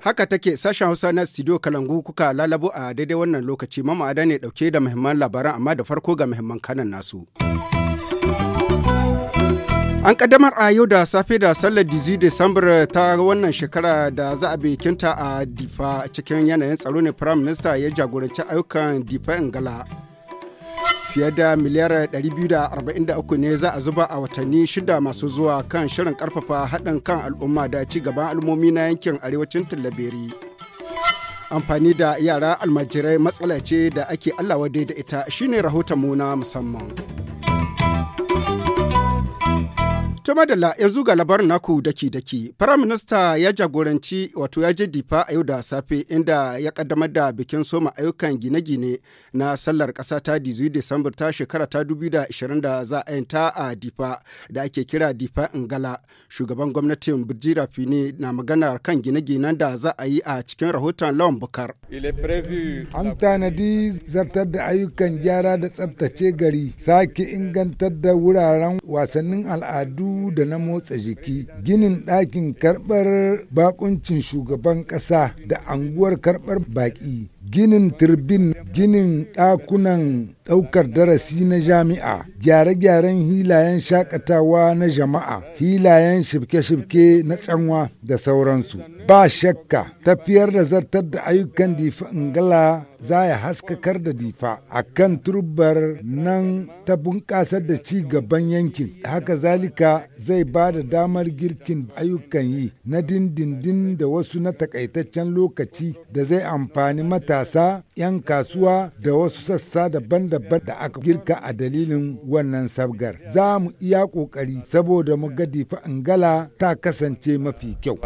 Haka take sashen Hausa na studio Kalangu kuka lalabo a daidai wannan lokaci mama ada ne dauke da muhimman labaran amma da farko ga muhimman kanan nasu. An kaddamar a yau da safe da sallar dizi Disambar ta wannan shekara da za a bikinta a Difa cikin yanayin tsaro ne Prime Minister ya jagoranci ayyukan Difa Ingala. Fiye da miliyar 243 ne za a zuba a watanni shida masu zuwa kan shirin karfafa haɗin kan al'umma da ci gaban al'ummomi na yankin arewacin Tillaberi. Amfani da yara almajirai matsala ce da ake allawa da ita shine rahoton mu na musamman. To madala yanzu ga labarin naku daki-daki. Firaminista ya jagoranci wato ya je difa a yau da safe inda ya kaddamar da bikin soma ayyukan gine-gine na sallar kasa ta 18 Disambar ta shekara ta 2020 da za a yanta a difa da ake kira difa ngala Shugaban gwamnatin Birjira Fini na magana kan gine-ginen da za a yi a cikin rahoton lawan bukar. An tanadi zartar da ayyukan gyara da tsabtace gari, sake ingantar da wuraren wasannin al'adu da na motsa jiki ginin ɗakin karɓar bakuncin shugaban ƙasa da anguwar karɓar baƙi ginin turbin ginin ɗakunan ɗaukar darasi na jami'a gyare-gyaren hilayen shakatawa na jama'a hilayen shibke-shibke na tsanwa da sauransu ba shakka tafiyar da zartar da ayyukan difa ingala za ya haskakar da difa a kan turbar nan ta bunƙasar da ci gaban yankin haka zalika zai ba da damar girkin ayyukan yi na dindindin da wasu na takaitaccen lokaci da zai amfani matasa 'yan kasuwa da wasu sassa daban-daban dabbar da aka girka a dalilin wannan sabgar. Za mu iya ƙoƙari saboda mu ga angala ta kasance mafi kyau.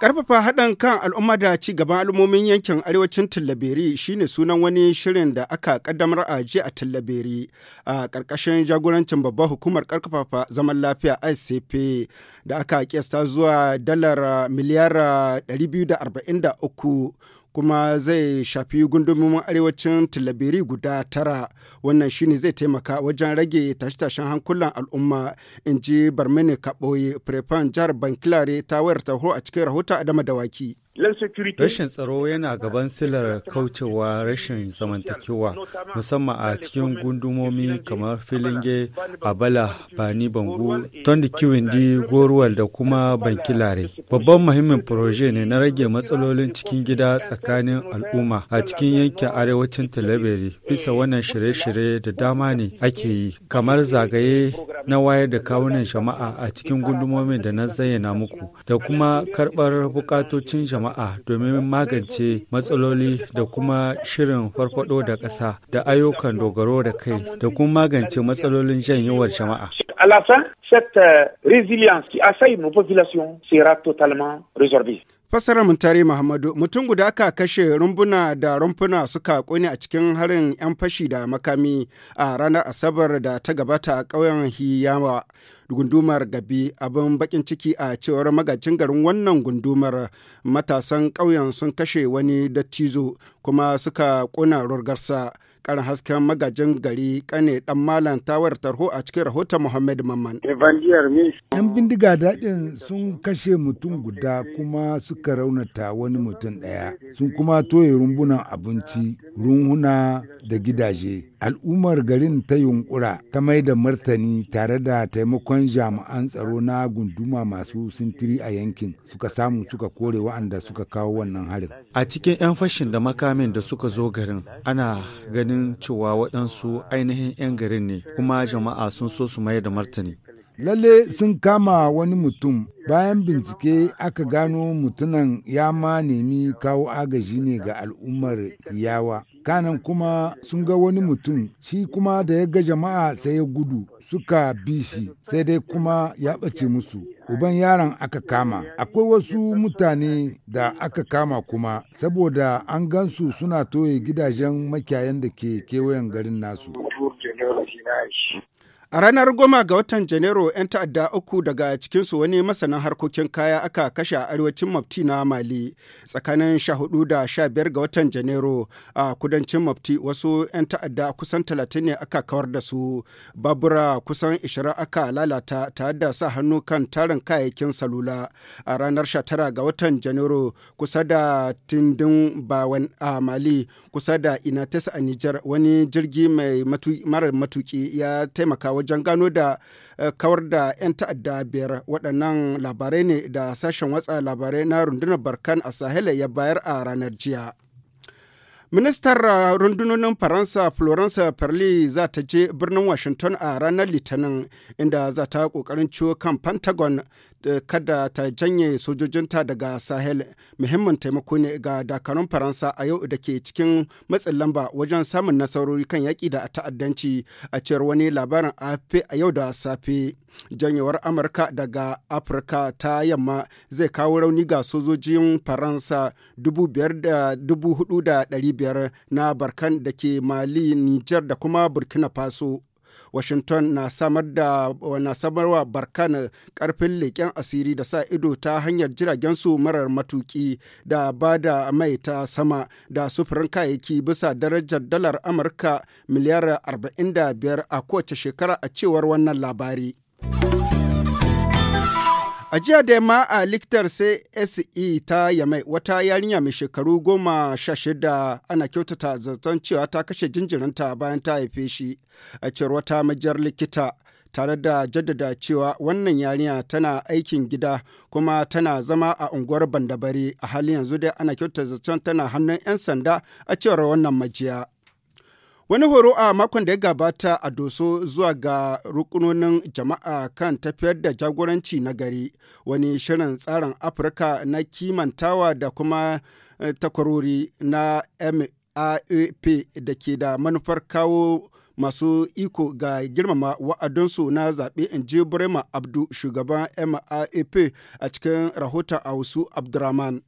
karfafa haɗin kan al'umma da ci gaban al'ummomin yankin arewacin Tallaberi shine sunan wani shirin da aka ƙaddamar a jiya a Tallaberi a ƙarƙashin jagorancin babbar hukumar karfafa zaman lafiya ICP da aka kiyasta zuwa dalar miliyar 243 kuma zai shafi gundumomin arewacin tilabiri guda tara wannan shine zai taimaka wajen rage tashe-tashen hankulan al'umma in ji barmini kaɓoye prefan jihar bankilare ta wayar taho a cikin rahoton adama dawaki. Rashin tsaro yana gaban silar kaucewa rashin zamantakewa musamman a cikin gundumomi kamar Filinge, Abala, Bani Bangu, Tondi Kiwindi, Goruwal da kuma Bankilare. Babban muhimmin proje ne na rage matsalolin cikin gida tsakanin al'umma a cikin yankin arewacin Talabere bisa wannan shirye-shirye da dama ne ake yi kamar zagaye na wayar da kawunan jama'a a cikin gundumomin da na zayyana muku da kuma karɓar bukatocin jama'a jama'a domin magance matsaloli da kuma shirin farfado da ƙasa da ayyukan dogaro da kai da kuma magance matsalolin janyewar jama'a. à la fin, cette euh, résilience qui assaille nos populations sera totalement résorbée. Fassarar Muntari Muhammadu mutum guda aka kashe rumbuna da rumfuna suka kone a cikin harin 'yan fashi da makami a ranar Asabar da ta gabata a ƙauyen Hiyama gundumar Gabi abin bakin ciki a cewar magajin garin wannan gundumar matasan ƙauyen sun kashe wani dattizo kuma suka ƙona rurgarsa. karin hasken magajin gari kane dan malam tawar tarho a cikin rahoton muhammad mamman yan bindiga daɗin sun kashe mutum guda kuma suka raunata wani mutum ɗaya sun kuma toye rumbunan abinci runhuna da gidaje al'ummar garin ta yunkura ta mai da martani tare da taimakon jami'an tsaro na gunduma masu sintiri a yankin suka samu suka kore wa'anda suka kawo wannan harin a cikin 'yan fashin da makamin da suka zo garin ana ganin cewa waɗansu ainihin 'yan garin ne kuma jama'a sun so su mai da martani lalle sun kama wani mutum bayan bincike aka gano mutunan ya ma nemi kawo agaji ne ga al'ummar yawa kanan kuma sun ga wani mutum shi kuma da ya ga jama'a sai ya gudu suka bi shi sai dai kuma ya ɓace musu uban yaron aka kama akwai wasu mutane da aka kama kuma saboda an gansu suna toye gidajen makiyayan da ke kewayen garin nasu A ranar goma ga watan Janairu 'yan ta'adda uku daga cikinsu wani masanin harkokin kaya aka kashe a arewacin Mafti na Mali tsakanin 14 da 15 ga watan Janairu a kudancin Mafti wasu 'yan ta'adda kusan 30 ne aka kawar da su babura kusan 20 aka lalata tare da sa hannu kan tarin kayayyakin salula a ranar 19 ga watan Janairu kusa da Tindin Bawan a Mali kusa da Inates a Nijar wani jirgi mai mara matuki ya taimaka wajen gano da eh, kawar da 'yan ta'adda biyar waɗannan labarai ne da sashen watsa labarai na rundunar barkan a sahel ya bayar a ranar jiya. Ministar eh, rundunonin Faransa Florence Parly za ta je birnin Washington a ranar Litinin inda za ta kokarin ciwo kan Pentagon kada ta janye sojojinta daga sahel muhimmin taimako ne ga dakarun faransa a yau da ke cikin matsin lamba wajen samun nasarori kan yaƙi da ta'addanci a cewar wani labarin afp a yau da safe janyewar amurka daga afirka ta yamma zai kawo rauni ga sojojin faransa 4,500 na barkan da ke mali Nijar da kuma burkina faso washington na samar da na samarwa barkan karfin leƙen asiri da sa ido ta hanyar jiragen su marar matuki da ba da mai ta sama da sufurin kayayyaki bisa darajar dalar amurka miliyar 45 a kowace shekara a cewar wannan labari A jiya da ma a likitar sai SE ta Yamai wata yarinya mai shekaru goma sha shida ana kyautata zaton cewa ta kashe jinjirinta bayan ta haife shi a cewar wata majiyar likita tare da jaddada cewa wannan yarinya tana aikin gida kuma tana zama a unguwar bandabari a halin yanzu dai ana kyautata zaton tana hannun 'yan sanda a cewar wannan majiya. Wani horo a makon da ya gabata a doso zuwa ga rukunonin jama'a kan tafiyar da jagoranci na gari wani shirin tsarin Afirka na kimantawa da kuma eh, takwarori na MAAP da ke da manufar kawo masu iko ga girmama wa'adinsu na zaɓe in ji Burema Abdu shugaban MAAP a cikin rahoton wasu Abdurrahman.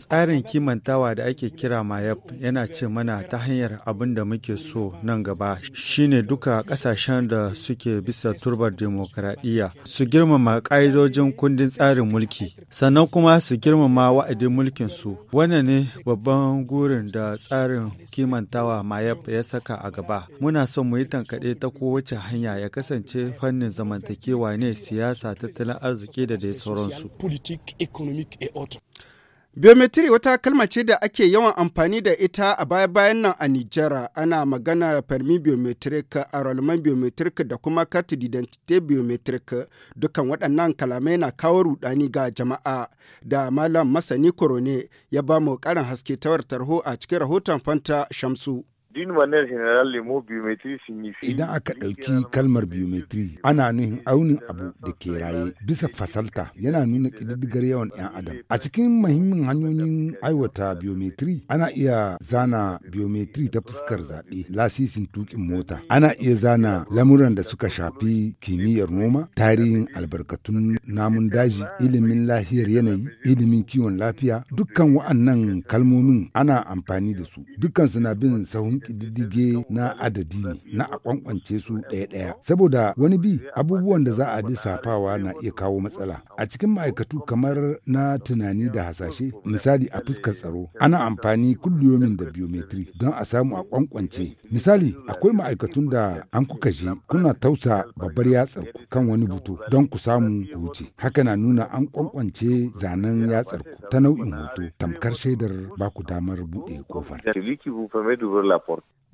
Tsarin kimantawa da ake kira MAYAP yana ce mana ta hanyar abin da muke so nan gaba shine duka ƙasashen da suke bisa turbar demokradiyya su girmama ƙa'idojin kundin tsarin mulki sannan kuma su girmama wa'adin mulkin su wannan ne babban gurin da tsarin kimantawa MAYAP ya saka a gaba muna son mu yi tankaɗe ta kowace hanya ya kasance fannin zamantakewa ne siyasa tattalin arziki da dai sauransu. Muhammad. Biometri wata kalma ce da ake yawan amfani da ita a baya-bayan nan a nijera ana magana farmi biometric, aralman biometric da kuma kati didantite biometric dukkan waɗannan kalamai na kawo rudani ga jama'a da malam masani korone ya ba mu ƙarin haske ta tarho a cikin rahoton fanta shamsu. Idan aka ɗauki kalmar biometri ana nuhin aunin abu da ke raye bisa fasalta yana nuna ƙididdigar yawan 'yan adam. A cikin mahimmin hanyoyin aiwata biometri ana iya zana biometri ta fuskar zaɓe, lasisin tukin mota. Ana iya zana lamuran da suka shafi kimiyyar noma, tarihin albarkatun namun daji, ilimin lahiyar yanayi, ilimin kiwon lafiya. Dukkan wa'annan kalmomin ana amfani da su. Dukkan suna bin sahun ƙididdige na adadi ne na a kwankwance su ɗaya-ɗaya. Saboda wani bi abubuwan da za a lissafawa na iya kawo matsala. A cikin ma'aikatu kamar na tunani da hasashe misali a fuskar tsaro ana amfani kulliyomin da biometri don a samu a kwankwance Misali, akwai ma'aikatun da an kuka je kuna tausa babbar yatsar kan wani butu don ku samu wuce. Haka na nuna an kwankwance zanen yatsar ku ta nau'in hoto tamkar shaidar ba ku damar buɗe kofar.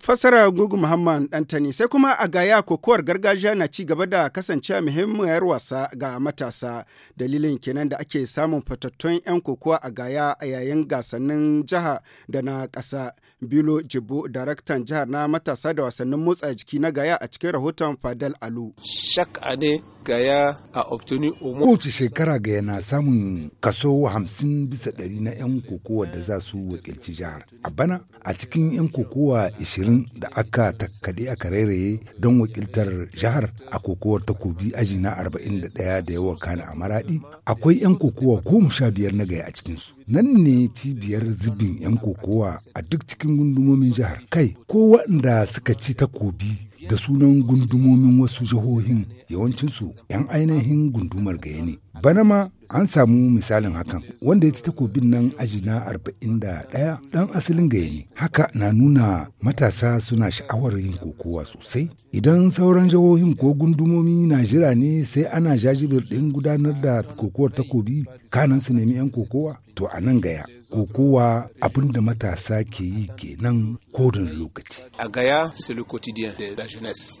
Fasara Gugu Muhammad ɗantani sai kuma a gaya kokowar gargajiya na ci gaba da kasancewa muhimmiyar wasa ga matasa dalilin kenan da ake samun fatattun 'yan kokowa a gaya a yayin gasannin jiha da na ƙasa Bilo Jibo, daraktan jihar na matasa da wasannin motsa jiki na gaya a cikin rahoton Fadal Alu. Shak ne gaya a obtuni Kowace shekara gaya na samun kaso hamsin bisa ɗari na 'yan kokowa da za su wakilci jihar. A bana a cikin 'yan kokowa 20 da aka takkaɗe aka rairaye don wakiltar jihar a kokowar takobi aji na 41 da yawa kana a maraɗi akwai 'yan kokowa goma sha biyar na gaya a cikinsu. Nan ne cibiyar zubin 'yan kokowa a duk cikin gundumomin jihar. Kai ko waɗanda suka ci takobi da sunan gundumomin wasu jihohin yawancinsu 'yan ainihin gundumar gaya ne. Bana ma an samu misalin hakan wanda ya ci takobin nan aji na 41 dan asalin gaya ne. Haka na nuna matasa suna sha'awar yin kokowa sosai. Idan sauran jihohin ko gundumomi na jira ne sai ana jajibir ɗin gudanar da kokowar takobi kanan su nemi 'yan kokowa to a nan gaya kokowa abin da matasa ke yi kenan kodin lokaci. A gaya, c'est le quotidien de la jeunesse.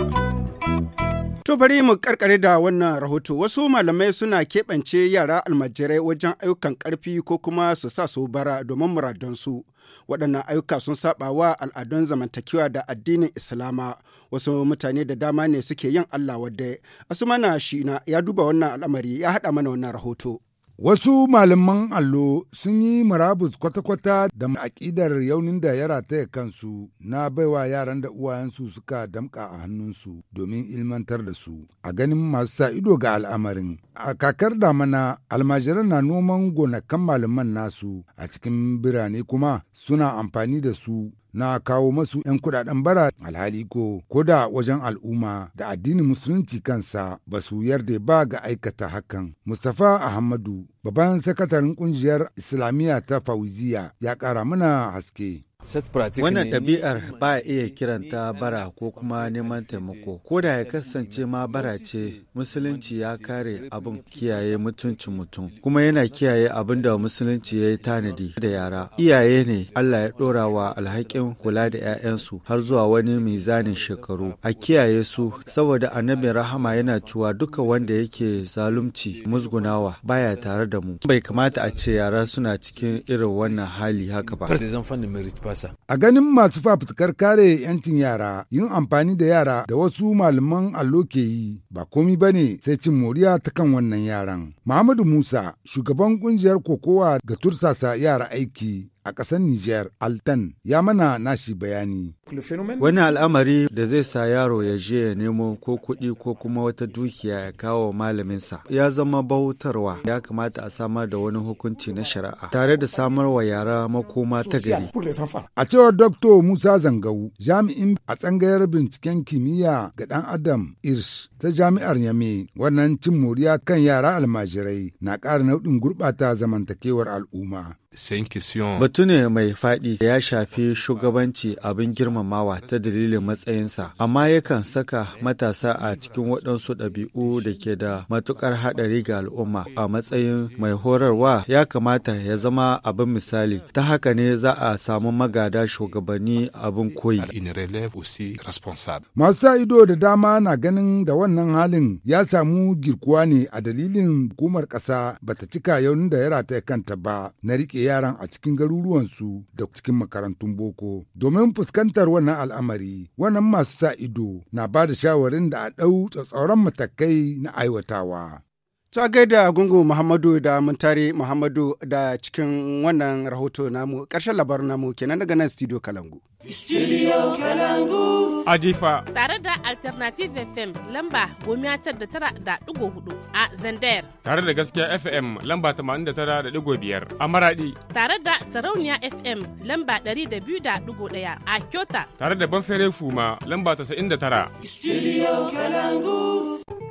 To bari mu karkare da wannan rahoto wasu malamai suna keɓance yara almajirai wajen ayyukan ƙarfi ko kuma su sa su bara domin muradansu. Waɗannan ayyuka sun saba wa al'adun zamantakewa da addinin Islama. Wasu mutane da dama ne suke yin Allah wadda. Asumana shi na ya duba wannan al'amari ya haɗa mana wannan rahoto. Wasu malaman allo sun yi marabus kwata-kwata da aƙidar yaunin da ya rataya kansu na baiwa yaran da uwayensu suka damƙa a hannunsu domin ilmantar da su a ganin masu sa ido ga al'amarin A kakar damana almajiran na noman gonakan malaman nasu a cikin birane kuma suna amfani da su na kawo masu 'yan kudaden bara alhali ko ko da wajen al'umma da addinin musulunci kansa ba su yarda ba ga aikata hakan. Mustapha Ahmadu, babban sakataren kungiyar Islamiyya ta Fauziya ya ƙara mana haske. Wannan ɗabi'ar ba iya kiranta bara ko kuma neman taimako. Ko da ya kasance ma bara ce, Musulunci ya kare abin kiyaye mutuncin mutum, kuma yana kiyaye abin da Musulunci ya yi tanadi da yara. Iyaye ne Allah ya ɗora wa alhakin kula da 'ya'yansu har zuwa wani mizanin shekaru. A kiyaye su, saboda annabi rahama yana cewa duka wanda yake zalunci musgunawa baya tare da mu. Bai kamata a ce yara suna cikin irin wannan hali haka ba. fasa. A ganin masu fafutukar kare 'yancin yara yin amfani da yara da wasu malaman allo ke yi ba komi ba ne sai cin moriya ta kan wannan yaran. Muhammadu Musa shugaban kungiyar kokowa ga tursasa yara aiki a ƙasar Nijar Altan ya mana nashi bayani. Wani al'amari da zai sa yaro ya je ya nemo ko kuɗi ko kuma wata dukiya ya kawo malaminsa ya zama bautarwa ya kamata a samar da wani hukunci na shari'a tare da samar wa yara makoma ta gari. A cewar Dr. Musa Zangau jami'in a tsangayar binciken kimiyya ga ɗan Adam Irsh ta jami'ar Yame wannan cin moriya kan yara almajirai na ƙara nau'in gurɓata zamantakewar al'umma. Batu ne mai faɗi da ya shafi shugabanci abin girmamawa ta dalilin matsayinsa, amma yakan saka matasa a cikin waɗansu ɗabi'u da ke da matukar haɗari ga al'umma a matsayin mai horarwa ya kamata ya zama abin misali, ta haka ne za a samu magada shugabanni abin koyi. Masu ido da dama na ganin da wannan halin ya samu girkuwa ne a dalilin hukumar ƙasa bata cika yaunin da ya rataye kanta ba na rike. riƙe yaran a cikin garuruwansu da cikin makarantun boko. Domin fuskantar wannan al'amari, wannan masu sa ido na ba da shawarin da a ɗau tsatsauran matakai na aiwatawa. Ta gaida gungu Muhammadu da Muntari Muhammadu da cikin wannan rahoto namu ƙarshen labarin namu kenan daga nan studio Kalangu. Studio Kalangu. Adifa. Tare da Alternative FM lamba gomiya tar da tara da ɗigo hudu a Zandayar. Tare da gaskiya FM lamba tamanin da tara da ɗigo biyar a Maradi. Tare da Sarauniya FM lamba ɗari da biyu da ɗigo ɗaya a Kyota. Tare da Banfere Fuma lamba tasa'in da tara. Studio Kalangu.